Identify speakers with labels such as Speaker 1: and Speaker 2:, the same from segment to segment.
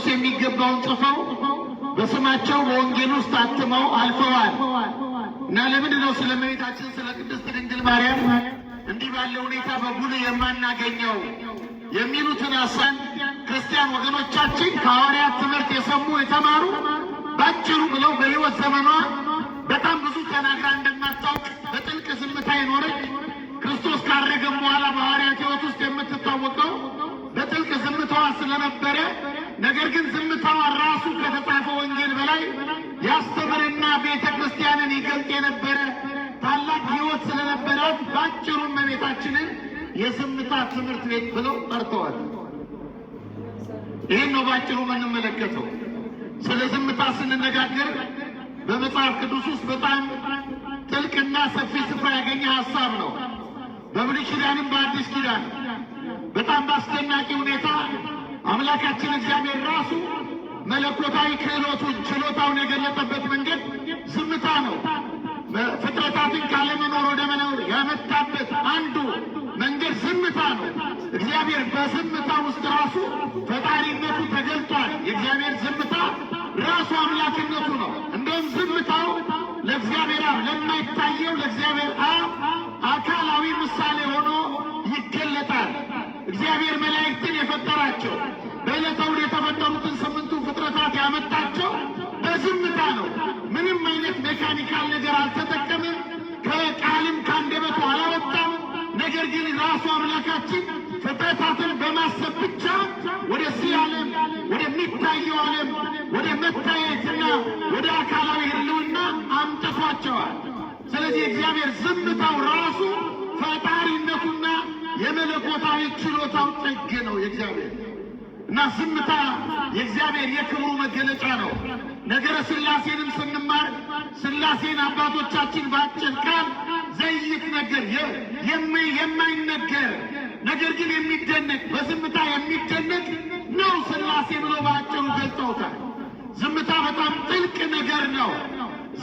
Speaker 1: ክርስቶስ የሚገባውን ጽፈው በስማቸው በወንጌል ውስጥ አትመው አልፈዋል እና ለምንድን ነው ስለ እመቤታችን ስለ ቅድስት ድንግል ማርያም እንዲህ ባለ ሁኔታ በጉልህ የማናገኘው የሚሉትን አሳን ክርስቲያን ወገኖቻችን ከሐዋርያት ትምህርት የሰሙ የተማሩ ባጭሩ ብለው በሕይወት ዘመኗ በጣም ብዙ ተናግራ እንደማታውቅ በጥልቅ ዝምታ የኖረች ክርስቶስ ካረገም በኋላ በሐዋርያት ሕይወት ውስጥ የምትታወቀው በጥልቅ ዝምታዋ ስለነበረ ነገር ግን ዝምታዋ ራሱ ከተጻፈ ወንጌል በላይ ያስተምርና ቤተ ክርስቲያንን ይገልጥ የነበረ ታላቅ ሕይወት ስለነበራት በአጭሩ እመቤታችንን የዝምታ ትምህርት ቤት ብለው ጠርተዋል። ይህን ነው በአጭሩ የምንመለከተው። ስለ ዝምታ ስንነጋገር በመጽሐፍ ቅዱስ ውስጥ በጣም ጥልቅና ሰፊ ስፍራ ያገኘ ሀሳብ ነው። በብሉይ ኪዳንም በአዲስ ኪዳን በጣም በአስደናቂ ሁኔታ አምላካችን እግዚአብሔር ራሱ መለኮታዊ ክህሎቱን ችሎታውን የገለጠበት መንገድ ዝምታ ነው። ፍጥረታትን ካለመኖር ወደ መኖር ያመጣበት አንዱ መንገድ ዝምታ ነው። እግዚአብሔር በዝምታ ውስጥ ራሱ ፈጣሪነቱ ተገልጧል። የእግዚአብሔር ዝምታ ራሱ አምላክነቱ ነው። እንደውም ዝምታው ለእግዚአብሔር አብ ለማይታየው ለእግዚአብሔር አብ አካላዊ ምሳሌ ሆኖ ይገለጣል። እግዚአብሔር መላእክትን የፈጠራቸው በዕለተውን የተፈጠሩትን ስምንቱን ፍጥረታት ያመጣቸው በዝምታ ነው። ምንም አይነት ሜካኒካል ነገር አልተጠቀምም። ከቃልም ከአንደበቱ አላወጣም። ነገር ግን ራሱ አምላካችን ፍጥረታትን በማሰብ ብቻ ሲ ዓለም ወደሚታየው ዓለም ወደ መታየትና ወደ አካላዊ ህልውና አምጥቷቸዋል። ስለዚህ እግዚአብሔር ዝምታው ራሱ ፈጣሪነቱና የመለኮታዊ ችሎታው ጥግ ነው የእግዚአብሔር እና ዝምታ የእግዚአብሔር የክብሩ መገለጫ ነው። ነገረ ስላሴንም ስንማር ስላሴን አባቶቻችን በአጭር ቃል ዘይት ነገር የማይነገር ነገር ግን የሚደነቅ በዝምታ የሚደነቅ ነው ስላሴ ብሎ በአጭሩ ገልጸውታል። ዝምታ በጣም ጥልቅ ነገር ነው።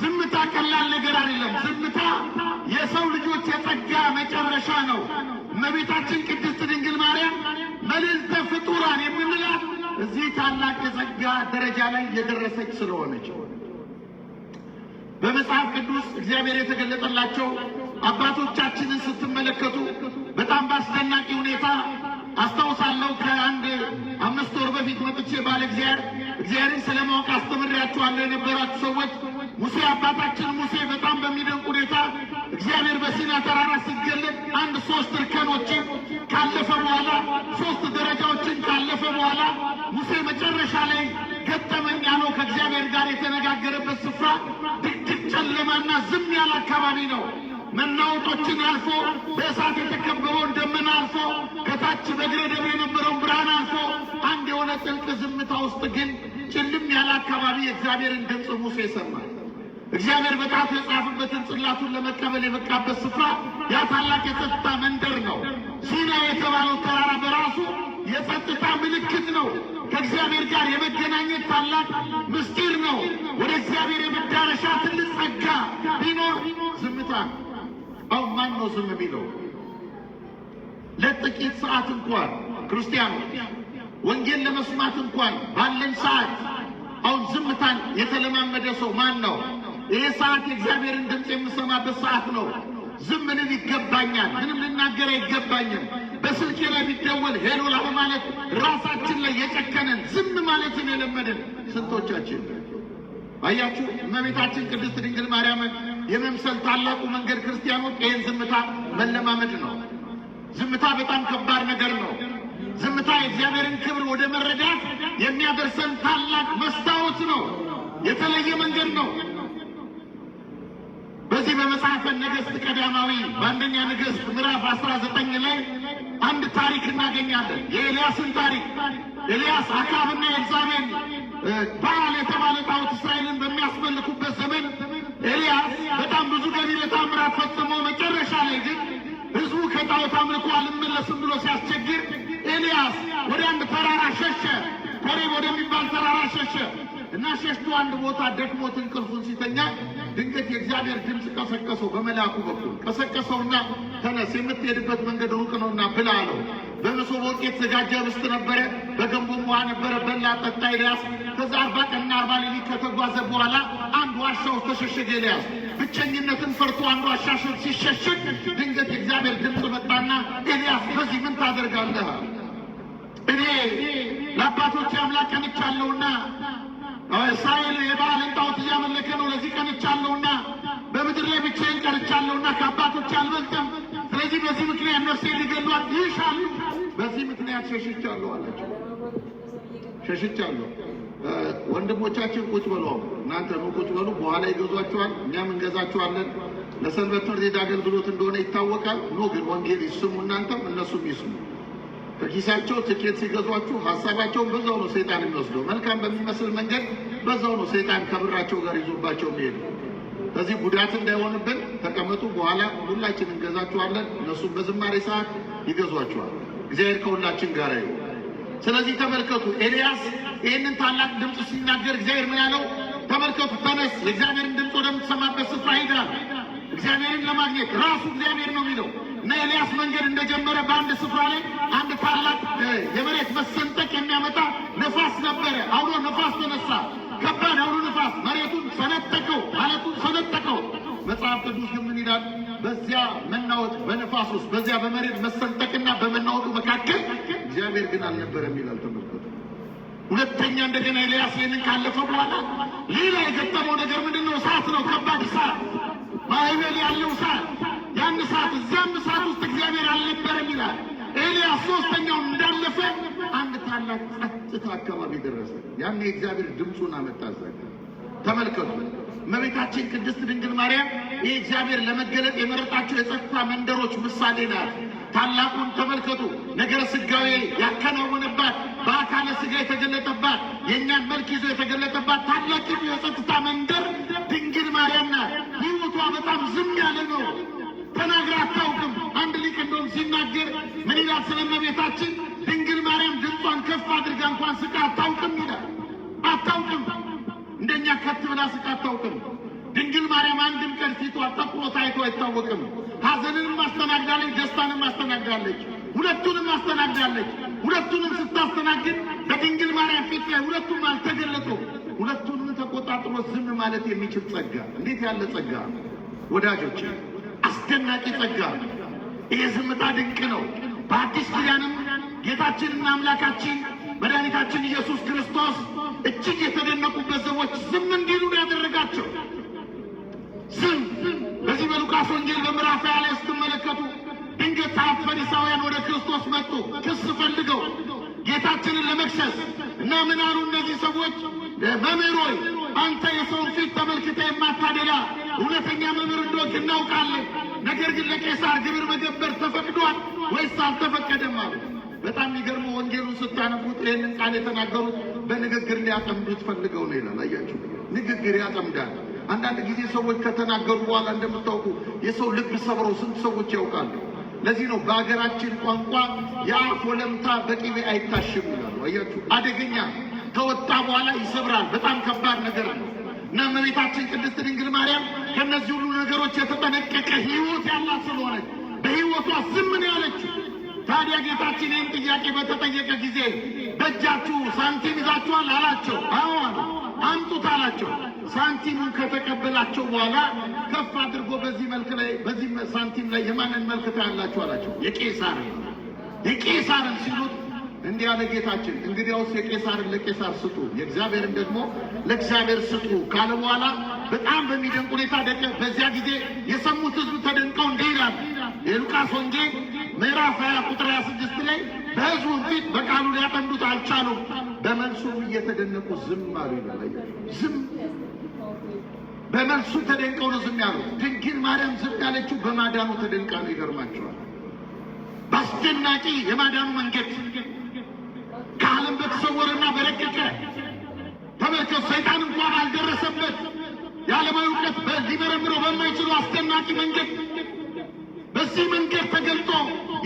Speaker 1: ዝምታ ቀላል ነገር አይደለም። ዝምታ የሰው ልጆች የጸጋ መጨረሻ ነው። እመቤታችን ቅድስት ድንግል ማርያም መልዕልተ ፍጡራን የምንላት እዚህ ታላቅ የጸጋ ደረጃ ላይ የደረሰች ስለሆነች በመጽሐፍ ቅዱስ እግዚአብሔር የተገለጠላቸው አባቶቻችንን ስትመለከቱ በጣም በአስደናቂ ሁኔታ አስታውሳለሁ። ከአንድ አምስት ወር በፊት መጥቼ ባለ እግዚአብሔር እግዚአብሔርን ስለማወቅ አስተምሬያችኋለሁ የነበራችሁ ሰዎች ሙሴ አባታችን ሙሴ በጣም በሚደንቅ ሁኔታ እግዚአብሔር በሲና ተራራ ሲገለጥ አንድ ሶስት እርካ ደረጃዎችን ካለፈ በኋላ ሶስት ደረጃዎችን ካለፈ በኋላ ሙሴ መጨረሻ ላይ ገጠመኝ ነው። ከእግዚአብሔር ጋር የተነጋገረበት ስፍራ ድቅድቅ ጨለማና ዝም ያለ አካባቢ ነው። መናወጦችን አልፎ በእሳት የተከበበውን ደመና አልፎ ከታች በእግረ ደብ የነበረውን ብርሃን አልፎ አንድ የሆነ ጥልቅ ዝምታ ውስጥ ግን ጭልም ያለ አካባቢ የእግዚአብሔርን ድምፅ ሙሴ ይሰማል። እግዚአብሔር በቃፍ የጻፈበትን ጽላቱን ለመቀበል የበቃበት ስፍራ ያ ታላቅ የጸጥታ መንደር ነው። ሲና የተባለው ተራራ በራሱ የጸጥታ ምልክት ነው። ከእግዚአብሔር ጋር የመገናኘት ታላቅ ምስጢር ነው። ወደ እግዚአብሔር የመዳረሻ ትልቅ ጸጋ ቢኖር ዝምታ። አሁን ማን ነው ዝም ቢለው? ለጥቂት ሰዓት እንኳን ክርስቲያኖ ወንጌል ለመስማት እንኳን ባለን ሰዓት አሁን ዝምታን የተለማመደ ሰው ማን ነው? ይህ ሰዓት የእግዚአብሔርን ድምፅ የምሰማበት ሰዓት ነው። ዝም ምንም ይገባኛል፣ ምንም ልናገር አይገባኝም። በስልኬ ላይ ቢደወል ሄሎ ላሁ ማለት ራሳችን ላይ የጨከነን ዝም ማለትን የለመደን ስንቶቻችን አያችሁ። እመቤታችን ቅድስት ድንግል ማርያምን የመምሰል ታላቁ መንገድ ክርስቲያኖች ይህን ዝምታ መለማመድ ነው። ዝምታ በጣም ከባድ ነገር ነው። ዝምታ የእግዚአብሔርን ክብር ወደ መረዳት የሚያደርሰን ታላቅ መስታወት ነው። የተለየ መንገድ ነው። በዚህ በመጽሐፈ ነገሥት ቀዳማዊ በአንደኛ ነገሥት ምዕራፍ አስራ ዘጠኝ ላይ አንድ ታሪክ እናገኛለን። የኤልያስን ታሪክ ኤልያስ አካብና ኤልዛቤል በዓል የተባለ ጣዖት እስራኤልን በሚያስመልኩበት ዘመን ኤልያስ በጣም ብዙ ገቢረ ተአምራት ፈጽሞ መጨረሻ ላይ ግን ሕዝቡ ከጣዖት አምልኮ አልመለስም ብሎ ሲያስቸግር ኤልያስ ወደ አንድ ተራራ ሸሸ። ኮሬብ ወደሚባል ተራራ ሸሸ እና ሸሽቶ አንድ ቦታ ደክሞት እንቅልፉን ሲተኛ ድንገት የእግዚአብሔር ድምፅ ቀሰቀሰው፣ በመልአኩ በኩል ቀሰቀሰውና ተነስ፣ የምትሄድበት መንገድ ሩቅ ነውና ብላ አለው። በመሶበ ወርቅ የተዘጋጀ ኅብስት ነበረ፣ በገንቦም ውሃ ነበረ። በላ ጠጣ ኤልያስ። ከዛ አርባ ቀንና አርባ ሌሊት ከተጓዘ በኋላ አንድ ዋሻ ውስጥ ተሸሸገ ኤልያስ። ብቸኝነትን ፈርቶ አንድ ዋሻ ሲሸሸግ ድንገት የእግዚአብሔር ድምፅ መጣና ኤልያስ በዚህ ምን ታደርጋለህ? እኔ ለአባቶች አምላክ ቀንቻለሁና እስራኤል የባዓልን ጣዖት እያመለከ አለውና ከአባቶች አልበልጥም። ስለዚህ በዚህ ምክንያት ነፍሴ ሊገሏት ይሻሉ። በዚህ ምክንያት ሸሽቻለሁ አላቸው። ሸሽቻለሁ። ወንድሞቻችን ቁጭ በሉ፣ እናንተ ነው ቁጭ በሉ። በኋላ ይገዟቸዋል፣ እኛም እንገዛቸዋለን። ለሰንበት ትምህርት ቤት አገልግሎት እንደሆነ ይታወቃል። ኖ ግን ወንጌል ይስሙ፣ እናንተም እነሱም ይስሙ። በኪሳቸው ትኬት ሲገዟችሁ ሀሳባቸውን በዛው ነው ሰይጣን የሚወስደው። መልካም በሚመስል መንገድ በዛው ነው ሰይጣን ከብራቸው ጋር ይዞባቸው የሚሄዱ በዚህ ጉዳት እንዳይሆንብን ተቀመጡ፣ በኋላ ሁላችን እንገዛችኋለን፣ እነሱም በዝማሬ ሰዓት ይገዟችኋል። እግዚአብሔር ከሁላችን ጋር ይሁን። ስለዚህ ተመልከቱ፣ ኤልያስ ይህንን ታላቅ ድምፅ ሲናገር እግዚአብሔር ምን ያለው ተመልከቱ፣ ተነስ፣ የእግዚአብሔርን ድምፅ ወደምትሰማበት ስፍራ ሄዳል። እግዚአብሔርን ለማግኘት ራሱ እግዚአብሔር ነው የሚለው እና ኤልያስ መንገድ እንደጀመረ በአንድ ስፍራ ላይ አንድ ታላቅ የመሬት መሰንጠቅ የሚያመጣ ነፋስ ነበረ። አውሎ ነፋስ ተነሳ። ከባድ አውሎ ነፋስ መሬቱን ሰነጠቀው፣ አለቱን ሰነጠቀው። መጽሐፍ ቅዱስ ግን ምን ይላል? በዚያ መናወጥ በነፋስ ውስጥ በዚያ በመሬት መሰንጠቅና በመናወጡ መካከል እግዚአብሔር ግን አልነበረም ይላል። ተመልከቱ። ሁለተኛ እንደገና ኤልያስ ይህንን ካለፈ በኋላ ሌላ የገጠመው ነገር ምንድን ነው? እሳት ነው። ከባድ እሳት፣ ማዕበል ያለው እሳት። ያን እሳት እዚያም እሳት ውስጥ እግዚአብሔር አልነበረም ይላል። ኤልያስ ሶስተኛውን እንዳለፈ ታላቅ ጸጥታ አካባቢ ደረሰ። ያኔ እግዚአብሔር ድምፁን አመጣ ተመልከቱ እመቤታችን ቅድስት ድንግል ማርያም የእግዚአብሔር ለመገለጥ የመረጣቸው የጸጥታ መንደሮች ምሳሌ ናት። ታላቁን ተመልከቱ። ነገረ ስጋዌ ያከናወነባት በአካለ ስጋ የተገለጠባት የእኛን መልክ ይዞ የተገለጠባት ታላቅ የጸጥታ መንደር ድንግል ማርያም ናት። ህይወቷ በጣም ዝም ያለ ነው። ተናግራ አታውቅም። አንድ ሊቅ እንደውም ሲናገር ምን ይላል ስለ እመቤታችን ድንግል ማርያም ድምጿን ከፍ አድርጋ እንኳን ስቃ አታውቅም ይላል። አታውቅም፣ እንደኛ ከት ብላ ስቃ አታውቅም። ድንግል ማርያም አንድም ቀን ፊቷ ጠቁሮ ታይቶ አይታወቅም። ሐዘንንም አስተናግዳለች፣ ደስታንም አስተናግዳለች፣ ሁለቱንም አስተናግዳለች። ሁለቱንም ስታስተናግድ በድንግል ማርያም ፊት ላይ ሁለቱም አልተገለጡ። ሁለቱንም ተቆጣጥሮ ዝም ማለት የሚችል ጸጋ! እንዴት ያለ ጸጋ ወዳጆች! አስደናቂ ጸጋ! ይህ ዝምታ ድንቅ ነው። በአዲስ ኪዳንም ጌታችንና አምላካችን መድኃኒታችን ኢየሱስ ክርስቶስ እጅግ የተደነቁበት ሰዎች ዝም እንዲሉ ያደረጋቸው። ዝም በዚህ በሉቃስ ወንጌል በምዕራፍ ያለ ስትመለከቱ ድንገት ጸሐፍት ፈሪሳውያን ወደ ክርስቶስ መጡ፣ ክስ ፈልገው ጌታችንን ለመክሰስ እና ምን አሉ እነዚህ ሰዎች መምህር ሆይ አንተ የሰውን ፊት ተመልክተህ የማታደላ እውነተኛ መምህር እንደሆንክ እናውቃለን። ነገር ግን ለቄሳር ግብር መገበር ተፈቅዷል ወይስ አልተፈቀደም? አሉ በጣም የሚገርመው ወንጌሉን ስታነቡት ይህንን ቃል የተናገሩት በንግግር ሊያጠምዱት ፈልገው ነው ይላል። አያችሁ፣ ንግግር ያጠምዳል። አንዳንድ ጊዜ ሰዎች ከተናገሩ በኋላ እንደምታውቁ የሰው ልብ ሰብረው ስንት ሰዎች ያውቃሉ። ለዚህ ነው በሀገራችን ቋንቋ የአፍ ወለምታ በቅቤ አይታሽም ይላሉ። አያችሁ፣ አደገኛ ከወጣ በኋላ ይሰብራል። በጣም ከባድ ነገር ነው እና እመቤታችን ቅድስት ድንግል ማርያም ከእነዚህ ሁሉ ነገሮች የተጠነቀቀ ህይወት ያላት ስለሆነች በህይወቷ ዝም ነው ያለችው። ታዲያ ጌታችን ይህን ጥያቄ በተጠየቀ ጊዜ በእጃችሁ ሳንቲም ይዛችኋል አላቸው። አዎን አምጡት አላቸው። ሳንቲሙን ከተቀበላቸው በኋላ ከፍ አድርጎ በዚህ መልክ ላይ በዚህ ሳንቲም ላይ የማንን መልክ ታያላችሁ አላቸው። የቄሳርን የቄሳርን ሲሉት እንዲህ አለ ጌታችን እንግዲያውስ የቄሳርን ለቄሳር ስጡ፣ የእግዚአብሔርን ደግሞ ለእግዚአብሔር ስጡ ካለ በኋላ በጣም በሚደንቅ ሁኔታ ደቀ በዚያ ጊዜ የሰሙት ሕዝብ ተደንቀው እንዲህ ይላል የሉቃስ ወንጌል ምዕራፍ ሀያ ቁጥር ሀያ ስድስት ላይ በህዝቡ ፊት በቃሉ ሊያጠምዱት አልቻሉም። በመልሱም እየተደነቁ ዝም አሉ ይላል። ዝም በመልሱ ተደንቀው ነው ዝም ያሉ። ድንግል ማርያም ዝም ያለችው በማዳኑ ተደንቃ ነው። ይገርማቸዋል። በአስደናቂ የማዳኑ መንገድ ከዓለም በተሰወረና በረቀቀ ተመልከት። ሰይጣን እንኳን አልደረሰበት የዓለማዊ እውቀት ሊመረምረው በማይችሉ አስደናቂ መንገድ በዚህ መንገድ ተገልጦ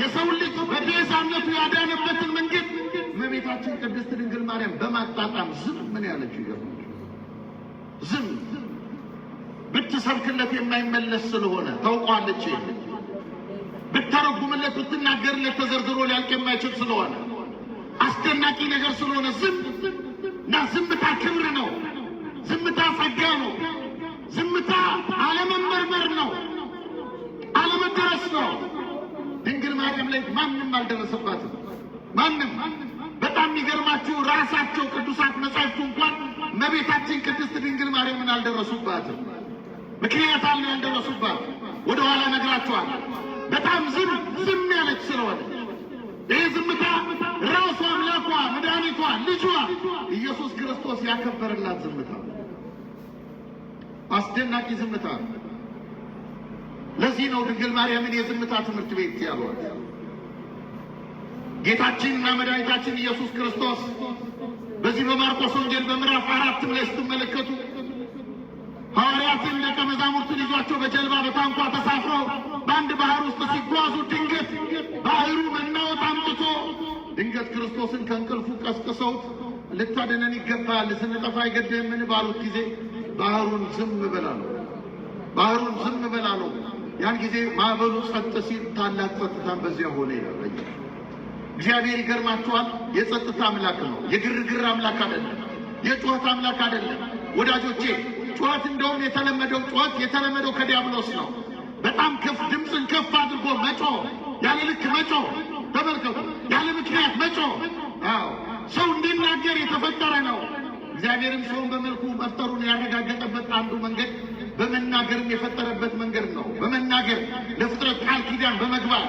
Speaker 1: የሰው ልጅ በቤዛነቱ ያዳነበትን መንገድ እመቤታችን ቅድስት ድንግል ማርያም በማጣጣም ዝም ምን ያለችው ይገ ዝም ብትሰብክለት የማይመለስ ስለሆነ ታውቋለች። ብታረጉምለት ብትናገርለት ተዘርዝሮ ሊያልቅ የማይችል ስለሆነ አስደናቂ ነገር ስለሆነ ዝም እና ዝምታ ክብር ነው። ዝምታ ጸጋ ነው። ዝምታ አለመ ነው። ድንግል ማርያም ላይ ማንም አልደረሰባትም። ማንም በጣም የሚገርማችሁ ራሳቸው ቅዱሳት መጻሕፍቱ እንኳን እመቤታችን ቅድስት ድንግል ማርያምን አልደረሱባትም። ምክንያት አለ ያልደረሱባት፣ ወደ ኋላ ነግራችኋል። በጣም ዝም ዝም ያለች ስለሆነ ይህ ዝምታ ራሷ አምላኳ መድኃኒቷ ልጇ ኢየሱስ ክርስቶስ ያከበረላት ዝምታ፣ አስደናቂ ዝምታ ለዚህ ነው ድንግል ማርያምን የዝምታ ትምህርት ቤት ያሏት። ጌታችንና መድኃኒታችን ኢየሱስ ክርስቶስ በዚህ በማርቆስ ወንጌል በምዕራፍ አራት ላይ ስትመለከቱ ሐዋርያትን ደቀ መዛሙርትን ይዟቸው በጀልባ በታንኳ ተሳፍረው በአንድ ባህር ውስጥ ሲጓዙ ድንገት ባህሩ መናወጥ አምጥቶ ድንገት ክርስቶስን ከእንቅልፉ ቀስቅሰውት ልታድነን ይገባል ስንጠፋ አይገድህምን ባሉት ጊዜ ባህሩን ዝም ነው ባህሩን ዝም ነው ያን ጊዜ ማዕበሉ ጸጥ ሲል ታላቅ ጸጥታን በዚያ ሆነ ይላል። እግዚአብሔር ይገርማችኋል፣ የጸጥታ አምላክ ነው። የግርግር አምላክ አይደለም። የጩኸት አምላክ አይደለም። ወዳጆቼ ጩኸት እንደውም የተለመደው ጩኸት የተለመደው ከዲያብሎስ ነው። በጣም ከፍ ድምፅን ከፍ አድርጎ መጮ፣ ያለ ልክ መጮ፣ ተመልከቱ፣ ያለ ምክንያት መጮ። አዎ ሰው እንዲናገር የተፈጠረ ነው። እግዚአብሔርም ሰውን በመልኩ መፍጠሩን ያረጋገጠበት አንዱ መንገድ በመናገርም የፈጠረበት መንገድ ነው። በመናገር ለፍጥረት ቃል ኪዳን በመግባት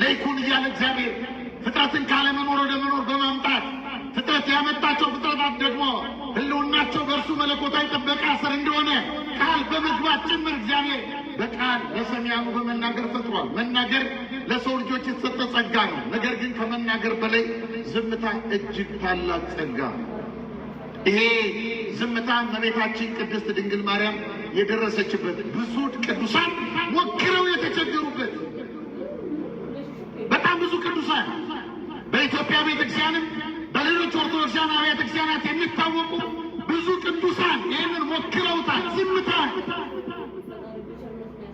Speaker 1: ለይኩን እያለ እግዚአብሔር ፍጥረትን ካለመኖር ወደ መኖር በማምጣት ፍጥረት ያመጣቸው ፍጥረታት ደግሞ ሕልውናቸው በእርሱ መለኮታዊ ጥበቃ ስር እንደሆነ ቃል በመግባት ጭምር እግዚአብሔር በቃል ለሰሚያኑ በመናገር ፈጥሯል። መናገር ለሰው ልጆች የተሰጠ ጸጋ ነው። ነገር ግን ከመናገር በላይ ዝምታ እጅግ ታላቅ ጸጋ ነው። ይሄ ዝምታ እመቤታችን ቅድስት ድንግል ማርያም የደረሰችበት ብዙ ቅዱሳን ወክረው የተቸገሩበት በጣም ብዙ ቅዱሳን በኢትዮጵያ ቤተክርስቲያንም በሌሎች ኦርቶዶክሳን አብያተ ክርስቲያናት የሚታወቁ ብዙ ቅዱሳን ይህንን ሞክረውታል። ዝምታን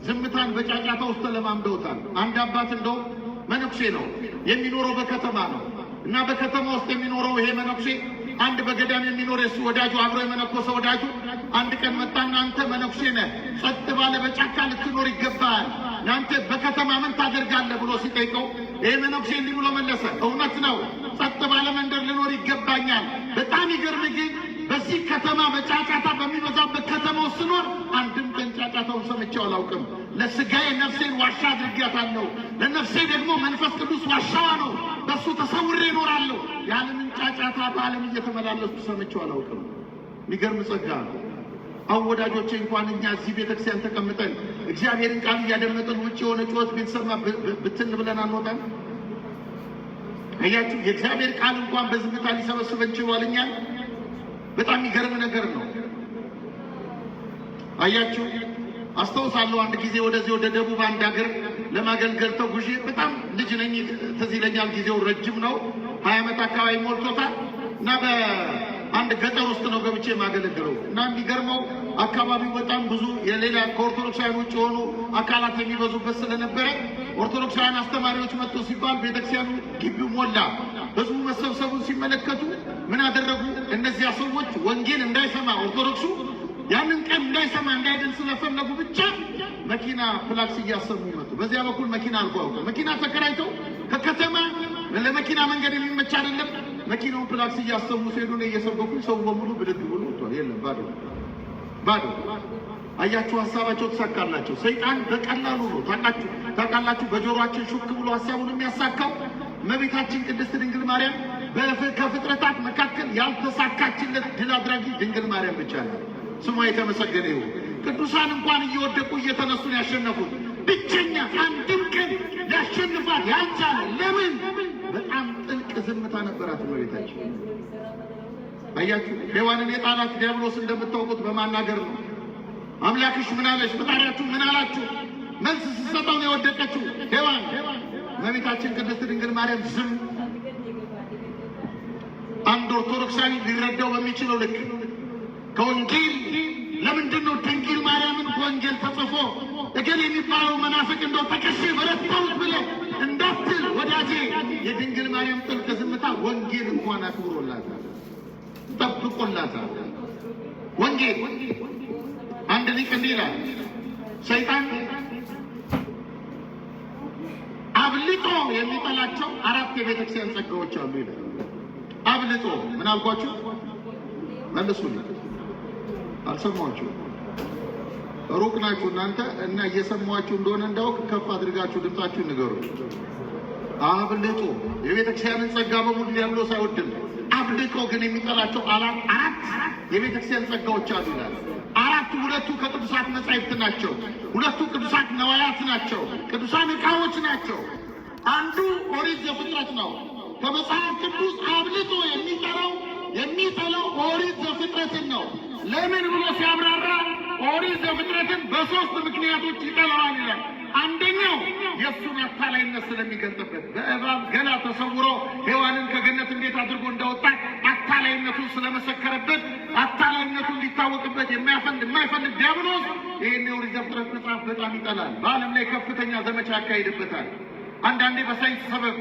Speaker 1: ዝምታን በጫጫታ ውስጥ ተለማምደውታል። አንድ አባት እንደው መነኩሴ ነው የሚኖረው በከተማ ነው እና በከተማ ውስጥ የሚኖረው ይሄ መነኩሴ አንድ በገዳም የሚኖር የሱ ወዳጁ አብሮ የመነኮሰ ወዳጁ አንድ ቀን መጣና አንተ መነኩሴ ነህ፣ ጸጥ ባለ በጫካ ልትኖር ይገባል፣ ናንተ በከተማ ምን ታደርጋለህ ብሎ ሲጠይቀው ይህ መነኩሴ እንዲህ ብሎ መለሰ፣ እውነት ነው፣ ጸጥ ባለ መንደር ልኖር ይገባኛል። በጣም ይገርም ግን በዚህ ከተማ በጫጫታ በሚበዛበት ከተማው ስኖር አንድም ቀን ጫጫታውን ሰምቼው አላውቅም። ለስጋዬ ነፍሴን ዋሻ አድርጊያታለሁ፣ ለነፍሴ ደግሞ መንፈስ ቅዱስ ዋሻዋ ነው በእሱ ተሰውሬ እኖራለሁ። የዓለምን ጫጫታ በዓለም እየተመላለሱ ሰምቼው አላውቅም። የሚገርም ጸጋ ነው። አሁን ወዳጆቼ እንኳን እኛ እዚህ ቤተክርስቲያን ተቀምጠን እግዚአብሔርን ቃል እያደመጠን ውጭ የሆነ ጩኸት ቤተሰማ ብትን ብለን አንወጣም። አያችሁ፣ የእግዚአብሔር ቃል እንኳን በዝምታ ሊሰበስበን ችሏል። እኛ በጣም የሚገርም ነገር ነው። አያችሁ፣ አስታውሳለሁ አንድ ጊዜ ወደዚህ ወደ ደቡብ አንድ ሀገር ለማገልገል ተጉዤ በጣም ልጅ ነኝ፣ ትዝ ይለኛል። ጊዜው ረጅም ነው፣ ሀያ ዓመት አካባቢ ሞልቶታል። እና በአንድ ገጠር ውስጥ ነው ገብቼ የማገለግለው እና የሚገርመው አካባቢው በጣም ብዙ የሌላ ከኦርቶዶክሳውያን ውጭ የሆኑ አካላት የሚበዙበት ስለነበረ ኦርቶዶክሳውያን አስተማሪዎች መጥቶ ሲባል ቤተክርስቲያኑ ግቢው ሞላ። ህዝቡ መሰብሰቡን ሲመለከቱ ምን አደረጉ? እነዚያ ሰዎች ወንጌል እንዳይሰማ ኦርቶዶክሱ ያንን ቀን እንዳይሰማ እንዳይደል ስለፈለጉ ብቻ መኪና ፕላክስ እያሰሙ መጡ። በዚያ በኩል መኪና አልፎ ያውቃል። መኪና ተከራይተው ከከተማ ለመኪና መንገድ የሚመች አይደለም። መኪናውን ፕላክስ እያሰሙ ሲሄዱ ነው እየሰበኩ ሰው በሙሉ ብድግ ብሎ ወጥቷል። የለም ባዶ ባዶ። አያችሁ፣ ሀሳባቸው ተሳካላቸው። ሰይጣን በቀላሉ ነው ታቃችሁ ታቃላችሁ። በጆሮአችን ሹክ ብሎ ሀሳቡን የሚያሳካው እመቤታችን ቅድስት ድንግል ማርያም ከፍጥረታት መካከል ያልተሳካችለት ድል አድራጊ ድንግል ማርያም ብቻ ነው። ስሟ የተመሰገነ ይሁን። ቅዱሳን እንኳን እየወደቁ እየተነሱን ያሸነፉት ብቸኛ አንድም ቀን ያሸንፋት ያልቻለ ለምን? በጣም ጥልቅ ዝምታ ነበራት እመቤታችን። አያችሁ፣ ሔዋንን የጣላት ዲያብሎስ እንደምታውቁት በማናገር ነው። አምላክሽ ምን አለሽ? ፈጣሪያችሁ ምን አላችሁ? መልስ ስትሰጠውን የወደቀችው ሔዋን። እመቤታችን ቅድስት ድንግል ማርያም ዝም አንድ ኦርቶዶክሳዊ ሊረዳው በሚችለው ልክ ከወንጌል ለምንድን ነው ድንግል ማርያምን ወንጌል ተጽፎ እገል የሚባለው መናፍቅ እንደው ተከሴ በረታሁት ብለ እንዳትል ወዳጄ፣ የድንግል ማርያም ጥልቅ ዝምታ ወንጌል እንኳን አክብሮላታል፣ ጠብቆላታል። ወንጌል አንድ ሊቅ እንዲህ ይላል፣ ሰይጣን አብልጦ የሚጠላቸው አራት የቤተክርስቲያን ጸጋዎች አሉ ይላል። አብልጦ ምን አልኳችሁ? መልሱልኝ። አልሰማችሁ ሩቅ ናችሁ እናንተ እና እየሰማችሁ እንደሆነ እንዳውቅ ከፍ አድርጋችሁ ድምፃችሁ ንገሩ። አብልጦ የቤተክርስቲያንን ጸጋ በሙሉ ዲያብሎስ ሳይወድም አብልጦ ግን የሚጠላቸው አላት አራት የቤተክርስቲያን ጸጋዎች አሉ ይላል። አራቱ ሁለቱ ከቅዱሳት መጻሕፍት ናቸው። ሁለቱ ቅዱሳት ነዋያት ናቸው። ቅዱሳን ዕቃዎች ናቸው። አንዱ ኦሪት ዘፍጥረት ነው። ከመጽሐፍ ቅዱስ አብልጦ የሚጠራው የሚጠላው ኦሪት ዘፍጥረትን ነው። ለምን ብሎ ሲያብራራ ኦሪት ዘፍጥረትን በሶስት ምክንያቶች ይጠላዋል ይላል። አንደኛው የእሱን አታላይነት ስለሚገልጥበት በእባብ ገላ ተሰውሮ ሔዋንን ከገነት እንዴት አድርጎ እንዳወጣ አታላይነቱን ስለመሰከረበት አታላይነቱን እንዲታወቅበት የማይፈልግ ዲያብሎስ ይህን የኦሪት ዘፍጥረት መጽሐፍ በጣም ይጠላል። በዓለም ላይ ከፍተኛ ዘመቻ ያካሄድበታል አንዳንዴ በሳይንስ ሰበብ፣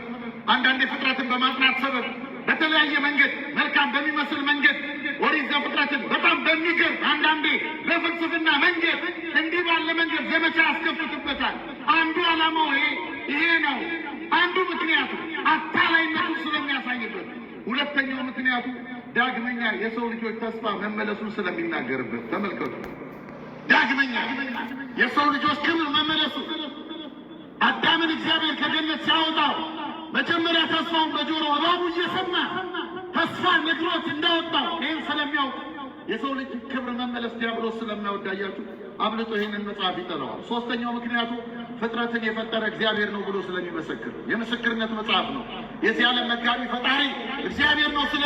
Speaker 1: አንዳንዴ ፍጥረትን በማጥናት ሰበብ፣ በተለያየ መንገድ መልካም በሚመስል መንገድ ወሪዛ ዘፍጥረትን በጣም በሚገርም አንዳንዴ በፍልስፍና መንገድ እንዲህ ባለ መንገድ ዘመቻ ያስከፍትበታል። አንዱ ዓላማው ይሄ ይሄ ነው። አንዱ ምክንያቱ አታላይነቱ ስለሚያሳይበት፣ ሁለተኛው ምክንያቱ ዳግመኛ የሰው ልጆች ተስፋ መመለሱን ስለሚናገርበት። ተመልከቱ፣ ዳግመኛ የሰው ልጆች ክብር መመለሱ አዳምን እግዚአብሔር ከገነት ሲያወጣው መጀመሪያ ተስፋውን በጆሮ እባቡ እየሰማ ተስፋ ነግሮት እንዳወጣው ይህን ስለሚያውቅ የሰው ልጅ ክብር መመለስ ዲያብሎስ ስለሚያወዳያችሁ አብልጦ ይህንን መጽሐፍ ይጠላዋል። ሶስተኛው ምክንያቱ ፍጥረትን የፈጠረ እግዚአብሔር ነው ብሎ ስለሚመሰክር የምስክርነት መጽሐፍ ነው። የዚህ ዓለም መጋቢ ፈጣሪ እግዚአብሔር ነው ስለ